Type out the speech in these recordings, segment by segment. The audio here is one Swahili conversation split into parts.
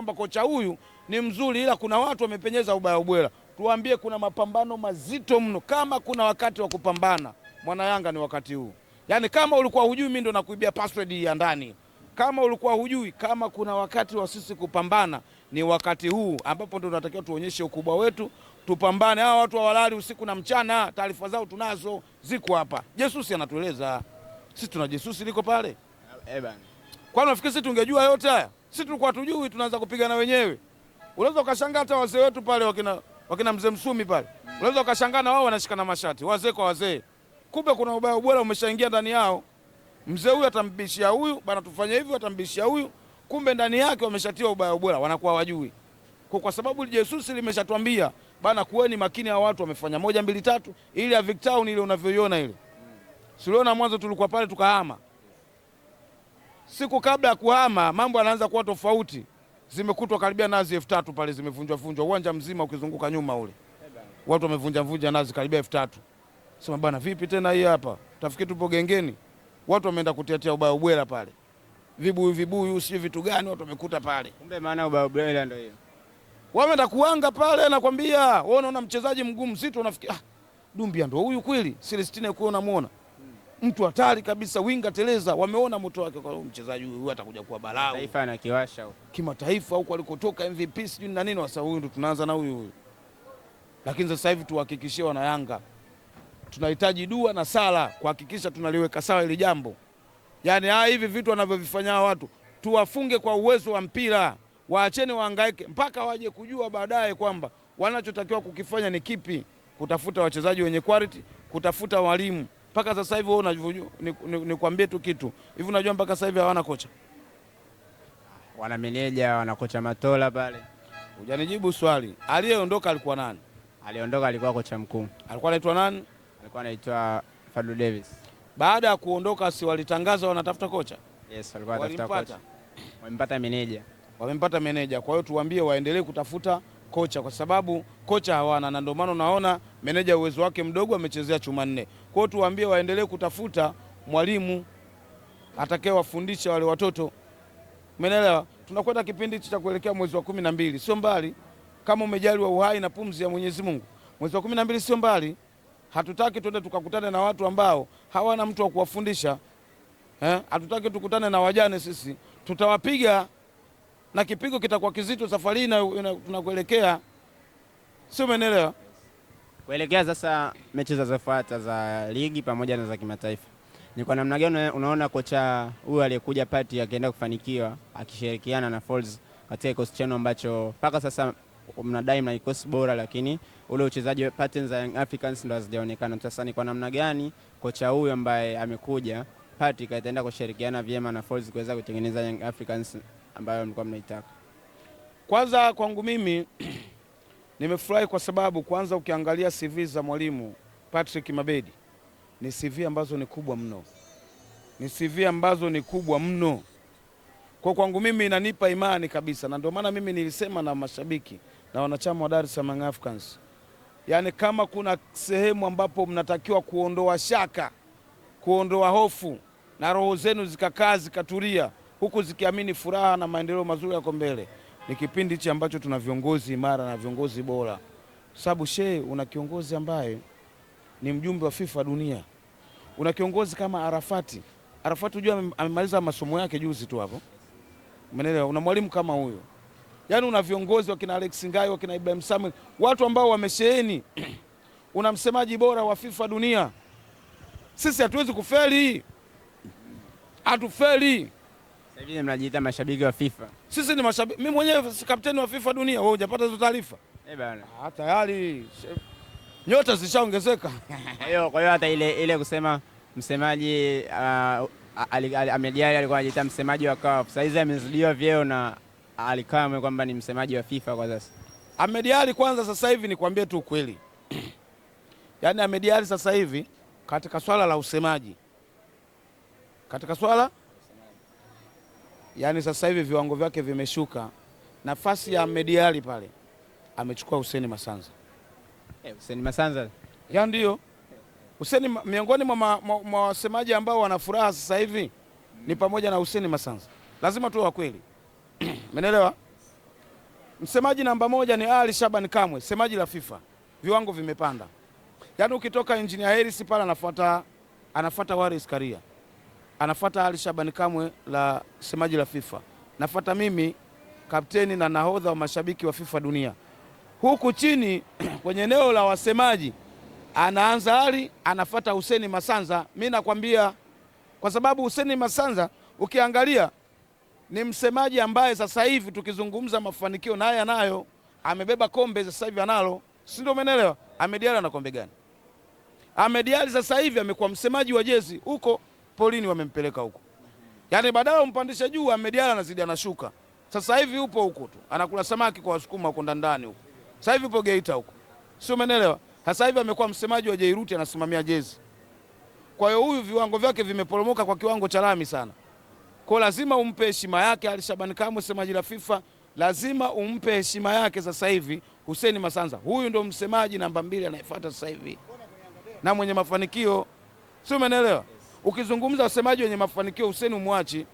kwamba kocha huyu ni mzuri, ila kuna watu wamepenyeza ubaya ubwela. Tuambie, kuna mapambano mazito mno. Kama kuna wakati wa kupambana, mwana Yanga ni wakati huu. Yaani kama ulikuwa hujui, mimi ndo nakuibia password ya ndani. Kama ulikuwa hujui, kama kuna wakati wa sisi kupambana ni wakati huu, ambapo ndo tunatakiwa tuonyeshe ukubwa wetu, tupambane. Hawa watu hawalali usiku na mchana, taarifa zao tunazo, ziko hapa. Jesus anatueleza sisi, tuna jesusi liko pale. Eh, Kwani unafikiri sisi tungejua yote haya? Sisi tulikuwa tujui, tunaanza kupigana wenyewe. Unaweza ukashangaa hata wazee wetu pale wakina, wakina mzee Msumi pale, unaweza ukashangaa na wao wanashikana mashati wazee kwa wazee, kumbe kuna ubaya ubora umeshaingia ndani yao. Mzee huyu atambishia huyu bana, tufanye hivi, atambishia huyu, kumbe ndani yake wameshatiwa ubaya ubora, wanakuwa wajui kwa, kwa sababu Jesusi limeshatwambia bana, kuweni makini, hao watu wamefanya moja mbili tatu, ili ya Victown ile unavyoiona ile, siliona mwanzo tulikuwa pale tukahama Siku kabla ya kuhama mambo yanaanza kuwa tofauti. Zimekutwa karibia nazi elfu tatu pale zimevunjwa vunjwa, uwanja mzima ukizunguka nyuma ule watu wamevunja vunja nazi karibia elfu tatu. Sema bana, vipi tena hii hapa? Tafikiri tupo gengeni. Watu wameenda kutiatia ubaya ubwela pale, vibuyu vibuyu, si vitu gani watu wamekuta pale. Kumbe maana ubaya ubwela ndio hiyo, wameenda kuanga pale. Nakwambia wewe, unaona mchezaji mgumu, si tu ah, Dumbia ndio huyu kweli, Celestine kuona muona mtu hatari kabisa, winga teleza, wameona moto wake kwa mchezaji huyu, atakuja kuwa balaa taifa na kiwasha kimataifa huko alikotoka MVP sijui na nini. wasa huyu ndo tunaanza na huyu huyu, lakini sasa hivi tuhakikishie wana Yanga tunahitaji dua na sala kuhakikisha tunaliweka sawa hili jambo. yani haa, ah, hivi vitu wanavyovifanya watu tuwafunge kwa uwezo wa mpira, waacheni wahangaike mpaka waje kujua baadaye kwamba wanachotakiwa kukifanya ni kipi, kutafuta wachezaji wenye quality, kutafuta walimu mpaka sasa hivi wewe nikwambie tu kitu hivi, unajua mpaka sasa hivi hawana kocha, wana meneja, wana kocha Matola pale. Hujanijibu swali, aliyeondoka alikuwa nani? Aliondoka alikuwa kocha mkuu, alikuwa anaitwa nani? Alikuwa anaitwa Fadlu Davis. Baada ya kuondoka, si walitangaza wanatafuta kocha? Yes, walikuwa wanatafuta kocha, wamempata meneja, wamempata meneja. Kwa hiyo tuwaambie waendelee kutafuta kocha, kwa sababu kocha hawana, na ndio maana unaona meneja uwezo wake mdogo, amechezea chuma nne. hiyo tuwaambie waendelee kutafuta mwalimu atakayewafundisha wafundisha wale watoto, umeelewa? Tunakwenda kipindi cha kuelekea mwezi wa kumi na mbili, sio mbali kama umejaliwa uhai na pumzi ya Mwenyezi Mungu. Mwezi wa kumi na mbili sio mbali, hatutaki tuende tukakutane na watu ambao hawana mtu wa kuwafundisha eh? Hatutaki tukutane na wajane sisi, tutawapiga na kipigo kitakuwa kizito safari na tunakuelekea, sio? Umeelewa? Kuelekea sasa mechi zinazofuata za ligi pamoja na za kimataifa, ni kwa namna gani unaona kocha huyu aliyekuja Pati akienda kufanikiwa akishirikiana na Folz katika kikosi chenu ambacho mpaka sasa mnadai mna kikosi bora, lakini ule uchezaji patterns za Young Africans ndo hazijaonekana. Sasa ni kwa namna gani kocha huyu ambaye amekuja Pati ataenda kushirikiana vyema na Folz kuweza kutengeneza Young Africans ambayo mlikuwa mnaitaka. Kwanza kwangu mimi nimefurahi kwa sababu kwanza ukiangalia CV za mwalimu Patrick Mabedi ni CV ambazo ni kubwa mno, ni CV ambazo ni kubwa mno kwa kwangu mimi inanipa imani kabisa, na ndio maana mimi nilisema na mashabiki na wanachama wa Dar es Salaam Africans, yaani kama kuna sehemu ambapo mnatakiwa kuondoa shaka, kuondoa hofu na roho zenu zikakaa zikatulia huku zikiamini furaha na maendeleo mazuri yako mbele. Ni kipindi hichi ambacho tuna viongozi imara na viongozi bora, sababu she una kiongozi ambaye ni mjumbe wa FIFA dunia, una kiongozi kama Arafati. Arafati unajua amemaliza masomo yake juzi tu hapo, umeelewa? Una mwalimu kama huyo, yaani una viongozi wakina Alex Ngai, wakina Ibrahim Samuel, watu ambao wamesheheni una msemaji bora wa FIFA dunia. Sisi hatuwezi kufeli, hatufeli. Hivi mnajiita mashabiki wa FIFA? Sisi ni mashabiki. Mimi mwenyewe si kapteni wa FIFA dunia. Wewe hujapata hizo taarifa? Eh bana. Ah, tayari nyota zishaongezeka. Hiyo kwa hiyo hata ile ile kusema msemaji ah, Ahmed Ally alikuwa anajiita msemaji wa CAF. Sasa hizi amezidiwa vyeo na alikaa Kamwe kwamba ni msemaji wa FIFA kwa sasa. Amediali kwanza, sasa hivi nikwambie tu ukweli. Yaani amediali sasa hivi katika swala la usemaji katika swala yaani sasa hivi viwango vyake vimeshuka. Nafasi ya mediali pale amechukua Hussein Masanza. Eh, Hussein Masanza. Ya ndio Hussein, miongoni mwa wasemaji ambao wana furaha sasa hivi ni pamoja na Hussein Masanza, lazima tuwe wa kweli umeelewa? Msemaji namba moja ni Ali Shaban Kamwe, semaji la FIFA. Viwango vimepanda, yaani ukitoka Engineer Harris pale anafuata anafuata Waris Karia anafuata Ali Shabani Kamwe la semaji la FIFA, nafuata mimi kapteni na nahodha wa mashabiki wa FIFA dunia. Huku chini kwenye eneo la wasemaji anaanza Ali, anafata Huseni Masanza. Mi nakwambia kwa sababu Huseni Masanza ukiangalia ni msemaji ambaye sasa hivi tukizungumza mafanikio naye anayo, nayo, amebeba kombe sasa hivi analo, si ndio? Umeelewa? Ahmed ana kombe gani? Amediali sasa hivi amekuwa msemaji wa jezi huko polini, wamempeleka huko. Yaani badala umpandisha juu, amediala anazidi anashuka. Sasa hivi upo huko tu anakula samaki kwa wasukuma huko ndani huko. Sasa hivi upo Geita huko, sio? Umeelewa? Sasa hivi amekuwa msemaji wa Jairuti, anasimamia jezi. Kwa hiyo huyu viwango vyake vimeporomoka kwa kiwango cha lami sana, kwa lazima umpe heshima yake. Alishabani Kamwe, msemaji la FIFA, lazima umpe heshima yake. Sasa hivi Hussein Masanza, huyu ndio msemaji namba mbili anayefuata sasa hivi na mwenye mafanikio, sio? Umeelewa? ukizungumza wasemaji wenye mafanikio Hussein Umwachi,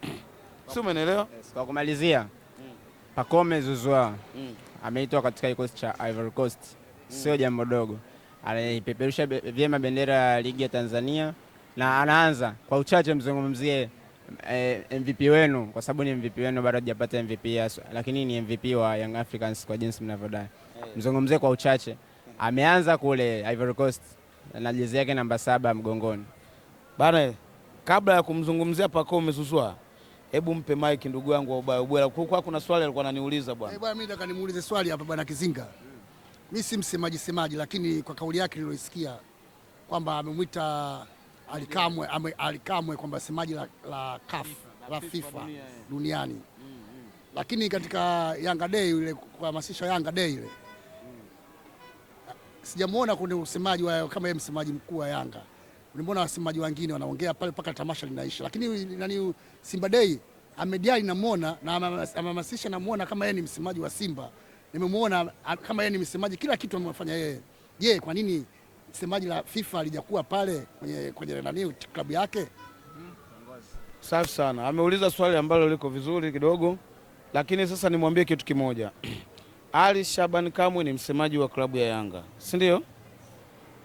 si umeelewa? Yes, kwa kumalizia mm. Pacome Zouzoua mm. ameitwa katika kikosi cha Ivory Coast mm. sio jambo dogo, anaipeperusha vyema bendera ya ligi ya Tanzania na anaanza kwa uchache, mzungumzie eh, MVP wenu kwa sababu ni MVP wenu, bado hajapata MVP yasu, lakini ni MVP wa Young Africans kwa jinsi mnavyodai hey. Mzungumzie kwa uchache, ameanza kule Ivory Coast na jezi yake namba saba mgongoni. Bana, kabla ya kumzungumzia pako umezuzua, hebu mpe mike ndugu yangu wa ubaya Kulikuwa kuna swali alikuwa ananiuliza bwana. Eh, bwana mimi nataka nimuulize swali hapa bwana Kizinga. Mimi si msemaji semaji, lakini kwa kauli yake nilioisikia kwamba amemwita Alikamwe Alikamwe kwamba semaji la, la CAF la FIFA eh. duniani mm, mm. Lakini katika Yanga Day ile kuhamasisha Yanga Day ile mm. Sijamuona kuna usemaji wa kama yeye msemaji mkuu wa Yanga Ulimbona wasemaji wengine wanaongea pale mpaka tamasha linaisha, lakini nani Simba Day amediali namwona na amehamasisha namwona kama yeye ni msemaji wa Simba, nimemwona kama yeye ni msemaji, kila kitu amefanya yeye. Je, kwa nini msemaji la FIFA alijakuwa pale kwenye, kwenye nani klabu yake? Safi sana, ameuliza swali ambalo liko vizuri kidogo, lakini sasa nimwambie kitu kimoja. Ali Shaban Kamwe ni msemaji wa klabu ya Yanga, si ndio?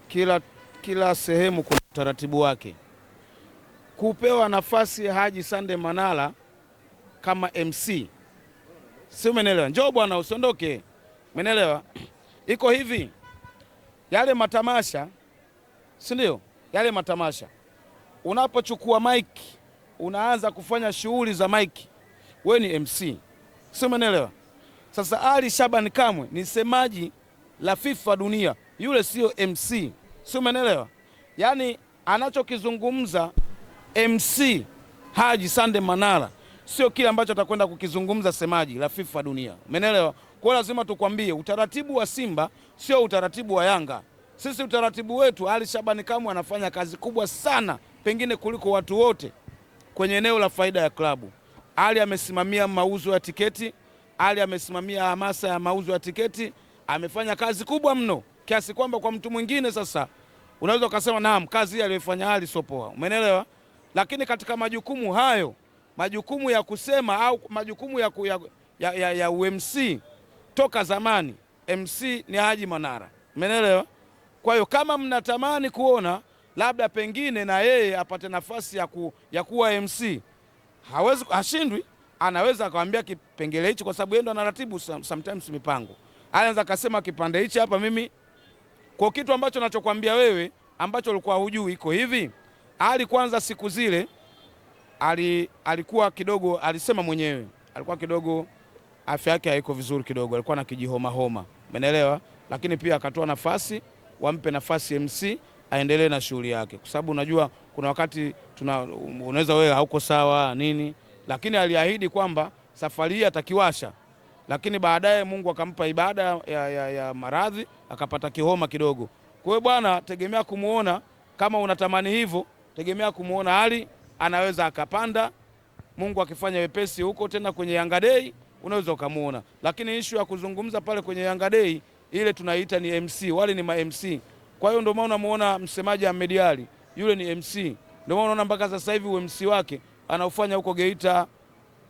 Kila kila sehemu kuna utaratibu wake. Kupewa nafasi Haji Sande Manara kama MC, si umeelewa? Njoo bwana, usiondoke, umeelewa? Iko hivi, yale matamasha, si ndio? Yale matamasha unapochukua maiki unaanza kufanya shughuli za maiki, wewe ni MC, si umeelewa? Sasa Ali Shaban Kamwe ni semaji la FIFA dunia, yule siyo MC si umenelewa? Yaani anachokizungumza MC Haji Sande Manara sio kile ambacho atakwenda kukizungumza semaji la FIFA dunia, umenelewa? Kwa hiyo lazima tukwambie utaratibu wa Simba sio utaratibu wa Yanga. Sisi utaratibu wetu, Ali Shabani Kamwe anafanya kazi kubwa sana, pengine kuliko watu wote kwenye eneo la faida ya klabu. Ali amesimamia mauzo ya tiketi, Ali amesimamia hamasa ya mauzo ya tiketi, amefanya kazi kubwa mno kiasi kwamba kwa mtu mwingine sasa unaweza ukasema naam, kazi hii aliyoifanya Ali sio poa, umeelewa? Lakini katika majukumu hayo, majukumu ya kusema au majukumu ya, ku, ya, ya, ya, ya UMC toka zamani MC ni Haji Manara, umeelewa? Kwa hiyo kama mnatamani kuona labda pengine na yeye apate nafasi ya, ku, ya kuwa MC, hawezi ashindwi, anaweza akawambia kipengele hichi, kwa sababu yeye ndo anaratibu sometimes mipango, anaweza akasema kipande hichi hapa mimi kwa kitu ambacho nachokwambia wewe ambacho ulikuwa hujui iko hivi. Ali kwanza siku zile ali, alikuwa kidogo alisema mwenyewe alikuwa kidogo afya yake haiko vizuri kidogo, alikuwa na kijihoma homa, umeelewa? Lakini pia akatoa nafasi, wampe nafasi MC aendelee na shughuli yake, kwa sababu unajua kuna wakati tuna unaweza wewe hauko sawa nini, lakini aliahidi kwamba safari hii atakiwasha lakini baadaye Mungu akampa ibada ya, ya, ya maradhi akapata kihoma kidogo. Kwa hiyo bwana, tegemea kumuona kama unatamani hivyo, tegemea kumuona Ali anaweza akapanda. Mungu akifanya wepesi huko tena kwenye Yanga Day unaweza ukamuona, lakini issue ya kuzungumza pale kwenye Yanga Day ile tunaita ni MC, wale ni ma MC. Kwa hiyo ndio maana unamuona msemaji Ahmed Ali yule ni MC, ndio maana unaona mpaka sasa hivi MC wake anaufanya huko Geita,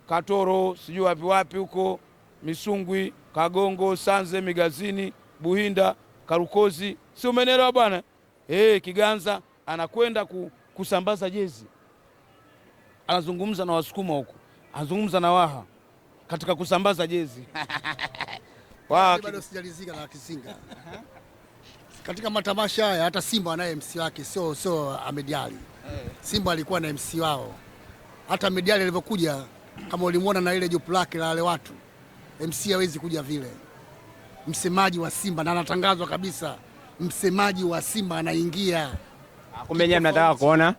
Katoro, sijui wapi wapi huko Misungwi, Kagongo, Sanze, Migazini, Buhinda, Karukozi, si umenelewa bwana? Hey, eh, Kiganza anakwenda ku, kusambaza jezi, anazungumza na Wasukuma huko, anazungumza na Waha katika kusambaza jezi bado sijalizika na Kisinga katika matamasha haya. Hata Simba anaye MC wake, sio sio Ahmed eh. Simba alikuwa na MC wao, hata amediali alivyokuja, kama ulimwona na ile jopu lake la wale watu MC hawezi kuja vile, msemaji wa Simba na anatangazwa kabisa, msemaji wa Simba anaingia. Kumbe nyinyi mnataka kuona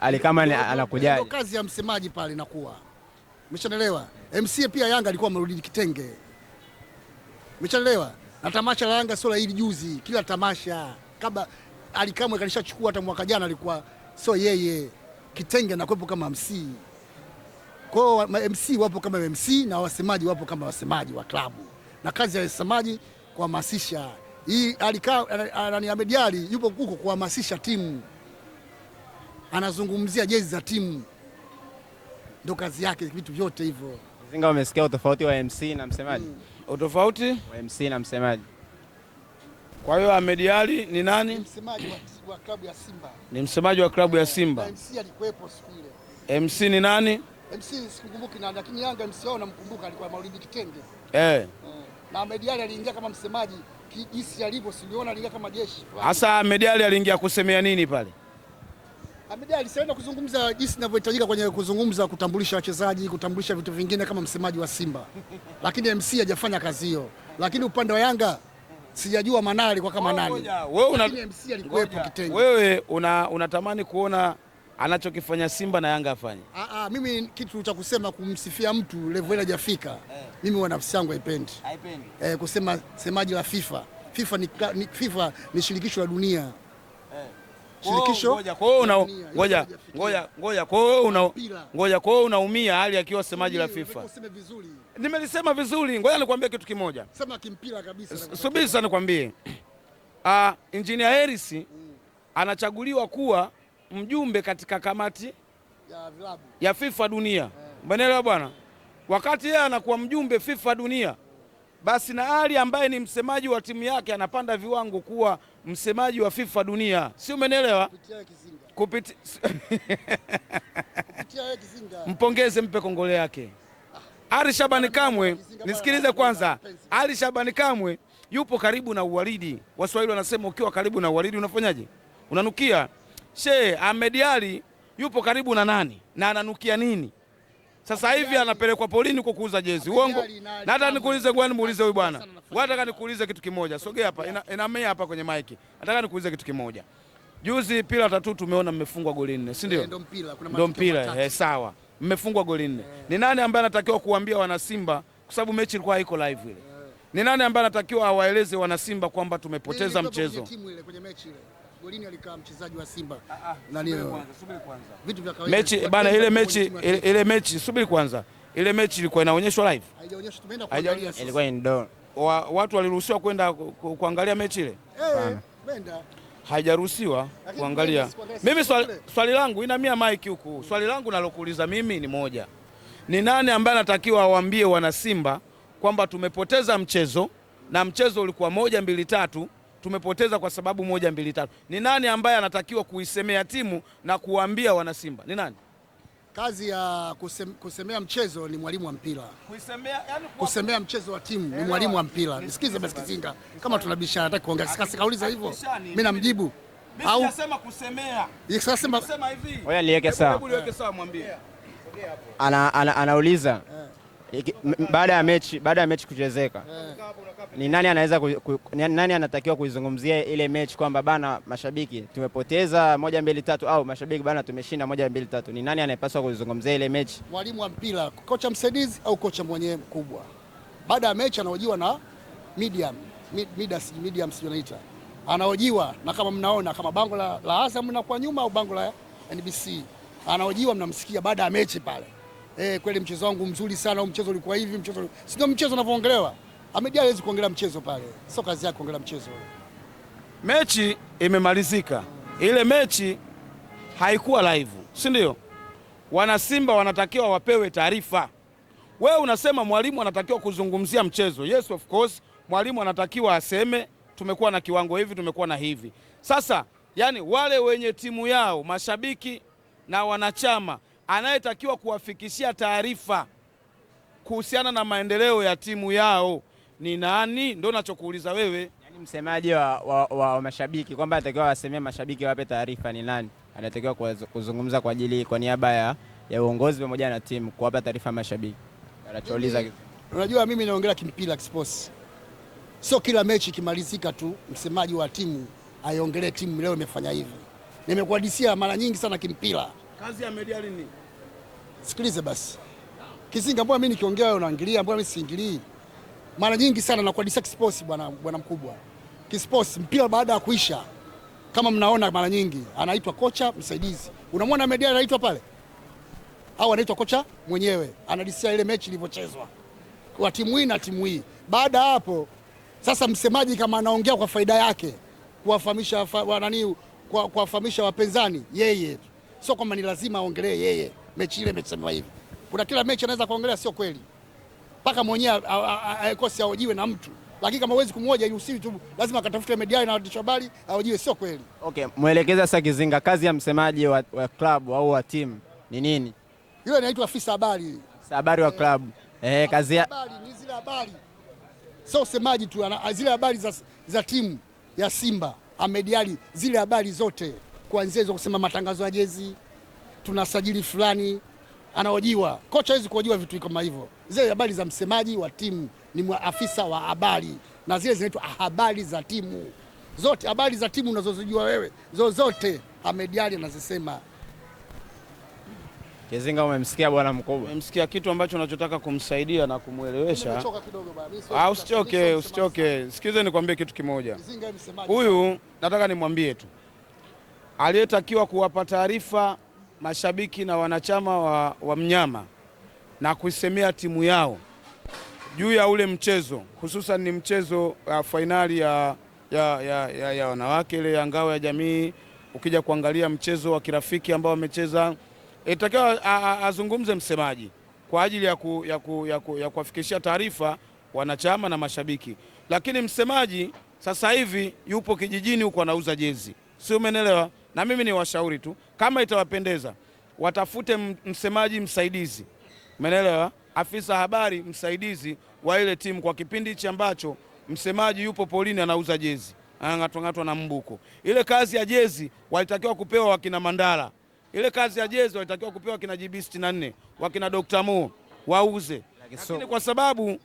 ali kama anakuja, ndio kazi ya msemaji pale inakuwa, umeshaelewa. MC pia Yanga alikuwa amerudi kitenge, umeshaelewa. Na tamasha la Yanga sio la hili juzi, kila tamasha kabla alikamwe kalishachukua, hata mwaka jana alikuwa sio yeye kitenge, nakwepo kama MC kwao MC wapo kama MC na wasemaji wapo kama wasemaji wa klabu, na kazi ya wasemaji kuhamasisha hii. Alikaa nani Ahmed yupo huko kuhamasisha timu, anazungumzia jezi za timu, ndo kazi yake, vitu vyote hivyo. Zinga, umesikia utofauti wa MC na msemaji Hmm, Utofauti wa MC na msemaji. Kwa hiyo Ahmed ni nani? msemaji wa klabu ya Simba, ni msemaji wa klabu ya Simba. MC alikuwepo siku ile. MC ni nani? MC sikumkumbuki na lakini Yanga MC wao namkumbuka, alikuwa Maulidi Kitenge eh, eh na Mediali aliingia kama msemaji kijisi alivyo, siliona aliingia kama jeshi. Hasa Mediali aliingia kusemea nini pale? Ahmed Ally kuzungumza jinsi ninavyohitajika kwenye kuzungumza, kutambulisha wachezaji, kutambulisha vitu vingine kama msemaji wa Simba, lakini MC hajafanya kazi hiyo. Lakini upande wa Yanga sijajua Manara alikuwa kama oh, nani. Wewe una... MC Wewe unatamani una kuona anachokifanya Simba na Yanga afanye. Ah, ah, mimi kitu cha kusema kumsifia mtu level ile hajafika eh. Mimi wa nafsi yangu haipendi eh, kusema semaji la FIFA FIFA ni, ni, FIFA ni shirikisho la dunia eh. shirikisho Ngoja kwao unaumia hali akiwa semaji la FIFA. Nimelisema vizuri, ngoja nikwambie kitu kimoja. Sema kimpira kabisa. Subiri sana nikwambie. Ah, Engineer Hersi mm. anachaguliwa kuwa mjumbe katika kamati ya, ya FIFA dunia yeah. Umeelewa bwana, wakati yeye anakuwa mjumbe FIFA dunia, basi na Ali ambaye ni msemaji wa timu yake anapanda viwango kuwa msemaji wa FIFA dunia, si umeelewa? Kupiti... mpongeze, mpe kongole yake ah. Ali Shabani Kamwe. Nisikilize kwanza, Ali Shabani Kamwe yupo karibu na uwaridi. Waswahili wanasema ukiwa karibu na uwaridi unafanyaje? Unanukia. She Ahmed Ally yupo karibu na nani na ananukia nini? Sasa hivi anapelekwa polini kwa kuuza jezi. Uongo. Na hata nikuulize gwani muulize huyu bwana. Nataka nikuulize kitu kimoja. Sogea hapa. Inamea hapa kwenye mike. Nataka nikuulize kitu kimoja. Juzi pila tatu tumeona mmefungwa goli nne, si ndio? Eh, ndio mpira, kuna ndio mpira. Eh, sawa. Mmefungwa goli nne. Eh. Ni nani ambaye anatakiwa kuambia wana Simba kwa sababu mechi ilikuwa haiko live ile? Eh. Ni nani ambaye anatakiwa awaeleze wana Simba kwamba tumepoteza mchezo? Kwenye kwenye timu ile, ile. mechi golini alikaa mchezaji wa Simba ah, ah, nani? Subiri kwanza, vitu vya kawaida mechi bana, ile mechi ile mechi, subiri kwanza, ile mechi ilikuwa inaonyeshwa live, haijaonyeshwa? Tumeenda kuangalia, ilikuwa indoor. watu waliruhusiwa kwenda kuangalia mechi ile, eh, tumeenda haijaruhusiwa kuangalia. Mimi swali, swali langu ina mia mike huku, swali langu nalokuuliza mimi ni moja, ni nani ambaye anatakiwa awaambie wana Simba kwamba tumepoteza mchezo na mchezo ulikuwa moja mbili tatu tumepoteza kwa sababu moja mbili tatu. Ni nani ambaye anatakiwa kuisemea timu na kuwaambia wanasimba ni nani? Kazi ya kusem, kusemea mchezo ni mwalimu wa mpira kusemea, yani kwa... kusemea mchezo wa timu ni mwalimu wa mpira. Nisikize basi Kizinga, kama tunabishana, nataka kuongea, sikauliza hivyo, mimi namjibu au nasema kusemea, sema hivi, oya liweke sawa, mwambie ana, ana, anauliza yeah baada ya mechi, baada ya mechi kuchezeka, ni nani anaweza ku, ku, nani anatakiwa kuizungumzia ile mechi kwamba bana, mashabiki tumepoteza moja mbili tatu, au mashabiki bana, tumeshinda moja mbili tatu? Ni nani anayepaswa kuizungumzia ile mechi? Mwalimu wa mpira, kocha msaidizi, au kocha mwenyewe mkubwa? Baada ya mechi anaojiwa na medium midas medium, sio naita, na kama mnaona kama bango la, la Azam na kwa nyuma au bango la NBC, anaojiwa mnamsikia baada ya mechi pale eh, kweli mchezo wangu mzuri sana, mchezo ulikuwa hivi, mchezo sio mchezo unavyoongelewa. Ahmed hawezi kuongelea mchezo pale, sio kazi yake kuongelea mchezo. Mechi imemalizika, ile mechi haikuwa live, si ndio? Wanasimba wanatakiwa wapewe taarifa. Wewe unasema mwalimu anatakiwa kuzungumzia mchezo. Yes, of course mwalimu anatakiwa aseme tumekuwa na kiwango hivi, tumekuwa na hivi. Sasa yani wale wenye timu yao mashabiki na wanachama anayetakiwa kuwafikishia taarifa kuhusiana na maendeleo ya timu yao ni nani? Ndio nachokuuliza wewe. Yani msemaji wa, wa, wa mashabiki kwamba anatakiwa wasemee mashabiki wape taarifa ni nani anatakiwa kuzungumza kwa ajili kwa niaba ya, ya uongozi pamoja na timu kuwapa taarifa mashabiki anachouliza. Unajua, mimi naongelea kimpira kisports, sio kila mechi ikimalizika tu msemaji wa timu aiongelee timu leo imefanya hivi. Nimekuadisia mara nyingi sana kimpira Kazi ya media lini? Sikilize basi. Kisinga, mbona mimi nikiongea wewe unaangalia, mbona mimi siingilii? Mara nyingi sana na kwa discuss sports bwana bwana mkubwa. Kisports mpira baada ya kuisha kama mnaona mara nyingi anaitwa kocha msaidizi. Unamwona media anaitwa pale? Au anaitwa kocha mwenyewe. analisia ile mechi ilivyochezwa. Kwa timu hii na timu hii. Baada hapo sasa msemaji kama anaongea kwa faida yake kuwafahamisha wa nani kuwafahamisha wapinzani yeye sio kwamba ni lazima aongelee yeye mechi ile imesemewa hivi. Kuna kila mechi anaweza kuongelea, sio kweli, mpaka mwenyewe akosi aojiwe na mtu, lakini kama huwezi kumwoja usiri tu lazima akatafute media na waandishi habari aojiwe, sio kweli. Okay, mwelekeza sasa Kizinga, kazi ya msemaji wa, wa klabu au wa timu ni nini? Yule anaitwa afisa habari, habari wa klabu eh, kazi ya habari ni zile habari, sio semaji tu, zile habari za, za timu ya Simba amediali zile habari zote kuanzia hizo kusema matangazo ya jezi, tunasajili fulani anaojiwa kocha, hawezi kuojiwa vitu kama hivyo. Zile habari za msemaji wa timu ni mwa afisa wa habari, na zile zinaitwa habari za timu. Zote habari za timu unazozijua wewe zozote Ahmed Ally anazisema. Kizinga, umemsikia bwana mkubwa, umemsikia kitu ambacho unachotaka kumsaidia na kumwelewesha. Ah, usichoke, usichoke, sikize nikwambie kitu kimoja. Huyu nataka nimwambie tu aliyetakiwa kuwapa taarifa mashabiki na wanachama wa, wa mnyama na kuisemea timu yao juu ya ule mchezo, hususan ni mchezo wa uh, fainali ya, ya, ya, ya, ya wanawake ile ya ngao ya jamii. Ukija kuangalia mchezo wa kirafiki ambao wamecheza, itakiwa azungumze msemaji kwa ajili ya, ku, ya, ku, ya, ku, ya kuwafikishia taarifa wanachama na mashabiki, lakini msemaji sasa hivi yupo kijijini huko anauza jezi, si umenelewa? na mimi ni washauri tu, kama itawapendeza watafute msemaji msaidizi, umeelewa, afisa habari msaidizi wa ile timu kwa kipindi hichi ambacho msemaji yupo polini anauza jezi anang'atwang'atwa na mbuko. Ile kazi ya jezi walitakiwa kupewa wakina Mandala, ile kazi ya jezi walitakiwa kupewa wakina JB 64 wakina Dr. Mo wauze, lakini kwa sababu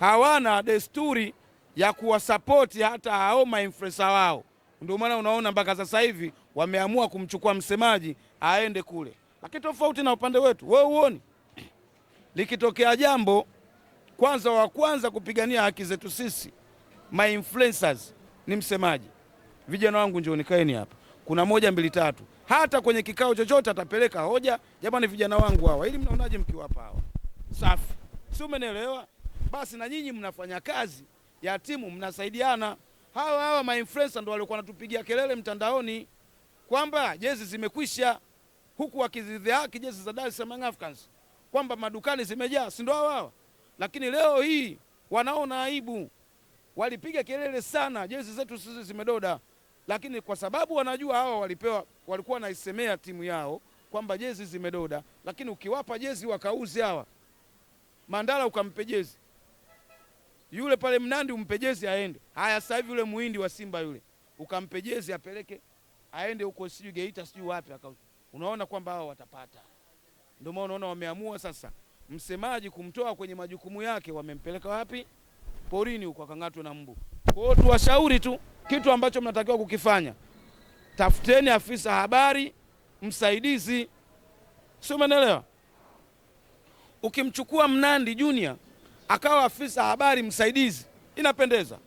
hawana desturi ya kuwasapoti hata hao mainfluencer wao ndio maana unaona mpaka sasa hivi wameamua kumchukua msemaji aende kule, lakini tofauti na upande wetu, wewe huoni likitokea jambo, kwanza wa kwanza kupigania haki zetu sisi my influencers ni msemaji. Vijana wangu njoo nikaeni hapa, kuna moja mbili tatu. Hata kwenye kikao chochote atapeleka hoja, jamani, vijana wangu hawa, ili mnaonaje mkiwapa hawa? Safi, si umenielewa? Basi na nyinyi mnafanya kazi ya timu, mnasaidiana hawa hawa influencer ndo walikuwa wanatupigia kelele mtandaoni kwamba jezi zimekwisha, huku wakizidhihaki jezi za Dar es Salaam Africans kwamba madukani zimejaa, si ndo hawa hawa? Lakini leo hii wanaona aibu, walipiga kelele sana, jezi zetu sisi zimedoda, lakini kwa sababu wanajua hawa walipewa, walikuwa wanaisemea timu yao kwamba jezi zimedoda, lakini ukiwapa jezi wakauzi hawa Mandala ukampe jezi yule pale Mnandi umpejezi aende. Haya sasa hivi yule muhindi wa Simba yule ukampejezi apeleke aende huko sijui Geita sijui wapi aka. Unaona kwamba hao watapata. Ndio maana unaona wameamua sasa msemaji kumtoa kwenye majukumu yake, wamempeleka wapi? Porini huko akang'atwa na mbu. Kwa hiyo tuwashauri tu kitu ambacho mnatakiwa kukifanya, tafuteni afisa habari msaidizi, sio? Umeelewa? Ukimchukua Mnandi Junior akawa afisa habari msaidizi, inapendeza.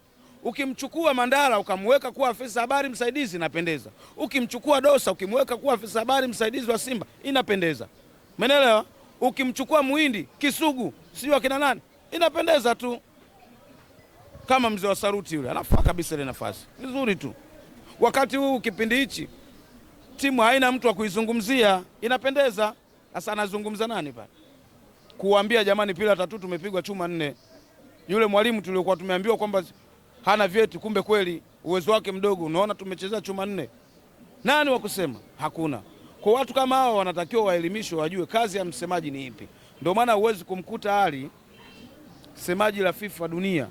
Ukimchukua Mandala ukamweka kuwa afisa habari msaidizi, inapendeza. Ukimchukua Dosa ukimweka kuwa afisa habari msaidizi wa Simba, inapendeza. Umeelewa? Ukimchukua Muhindi Kisugu, sio akina nani, inapendeza tu, kama mzee wa saruti yule anafaa kabisa ile nafasi vizuri tu. Wakati huu kipindi hichi timu haina mtu wa kuizungumzia, inapendeza. Sasa anazungumza nani pale? kuambia jamani, pila tatu tumepigwa chuma nne. Yule mwalimu tuliokuwa tumeambiwa kwamba hana vyeti, kumbe kweli uwezo wake mdogo. Unaona, tumechezea chuma nne. Nani wa kusema? Hakuna. Kwa watu kama hao wanatakiwa waelimishwe, wajue kazi ya msemaji ni ipi. Ndio maana huwezi kumkuta hali semaji la FIFA dunia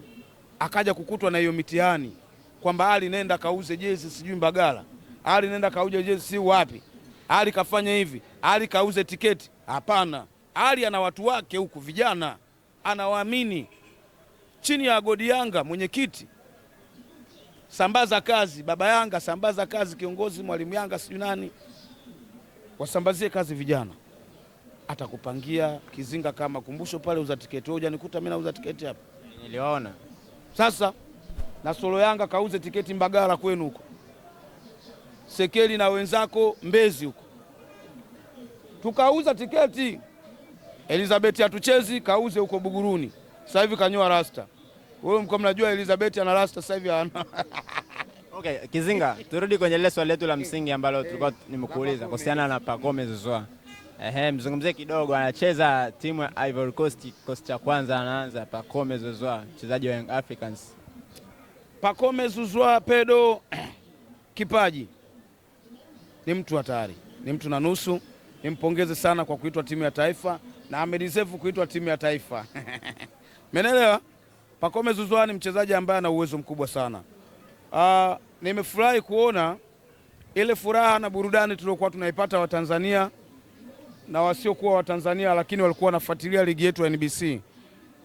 akaja kukutwa na hiyo mitihani kwamba hali nenda kauze jezi sijui Mbagala, hali nenda kauze jezi si wapi, hali kafanya hivi, hali kauze tiketi. Hapana. Ali ana watu wake huku vijana, anawaamini chini ya Godi Yanga mwenyekiti sambaza kazi baba Yanga, sambaza kazi kiongozi mwalimu Yanga, sijui nani, wasambazie kazi vijana. Atakupangia kizinga kama kumbusho pale, uza tiketi wewe. Hujanikuta mimi nauza tiketi hapa, niliona sasa. Na solo Yanga kauze tiketi Mbagala kwenu huko, Sekeli na wenzako Mbezi huko, tukauza tiketi. Elizabeth hatuchezi, kauze huko Buguruni. Sasa hivi kanyoa rasta. Wewe mko mnajua Elizabeth ana rasta sasa hivi ana. Okay, Kizinga, turudi kwenye lile swali letu la msingi ambalo tulikuwa nimekuuliza kuhusiana na Pacome Zouzoua. Ehe, mzungumzie kidogo, anacheza timu ya Ivory Coast, kikosi cha kwanza anaanza Pacome Zouzoua, mchezaji wa Young Africans. Pacome Zouzoua pedo kipaji. Ni mtu hatari, ni mtu na nusu. Nimpongeze sana kwa kuitwa timu ya taifa na amerisefu kuitwa timu ya taifa menelewa. Pacome Zouzoua ni mchezaji ambaye ana uwezo mkubwa sana. Uh, nimefurahi kuona ile furaha na burudani tuliokuwa tunaipata Watanzania na wasiokuwa Watanzania, lakini walikuwa wanafuatilia ligi yetu ya NBC,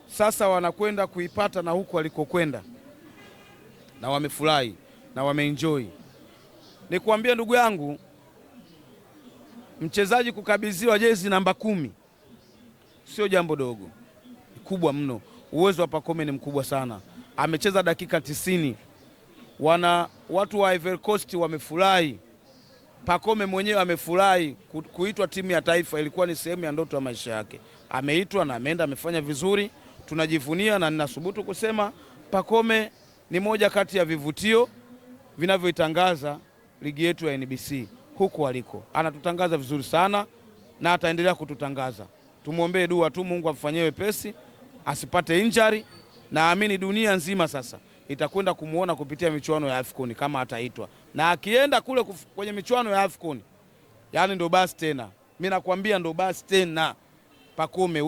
sasa wanakwenda kuipata na huko walikokwenda, na wamefurahi na wameenjoy. nikuambia ndugu yangu, mchezaji kukabidhiwa jezi namba kumi sio jambo dogo, kubwa mno. Uwezo wa Pacome ni mkubwa sana, amecheza dakika tisini. Wana watu wa Ivory Coast wamefurahi, Pacome mwenyewe amefurahi. Kuitwa timu ya taifa ilikuwa ni sehemu ya ndoto ya maisha yake, ameitwa na ameenda, amefanya vizuri, tunajivunia na ninasubutu kusema Pacome ni moja kati ya vivutio vinavyoitangaza ligi yetu ya NBC huku aliko, anatutangaza vizuri sana na ataendelea kututangaza tumwombee dua tu, Mungu amfanyie wepesi, asipate injari. Naamini dunia nzima sasa itakwenda kumwona kupitia michuano ya AFCON kama ataitwa, na akienda kule kwenye michuano ya AFCON, yani ndo basi tena, mimi nakwambia ndo basi tena pakome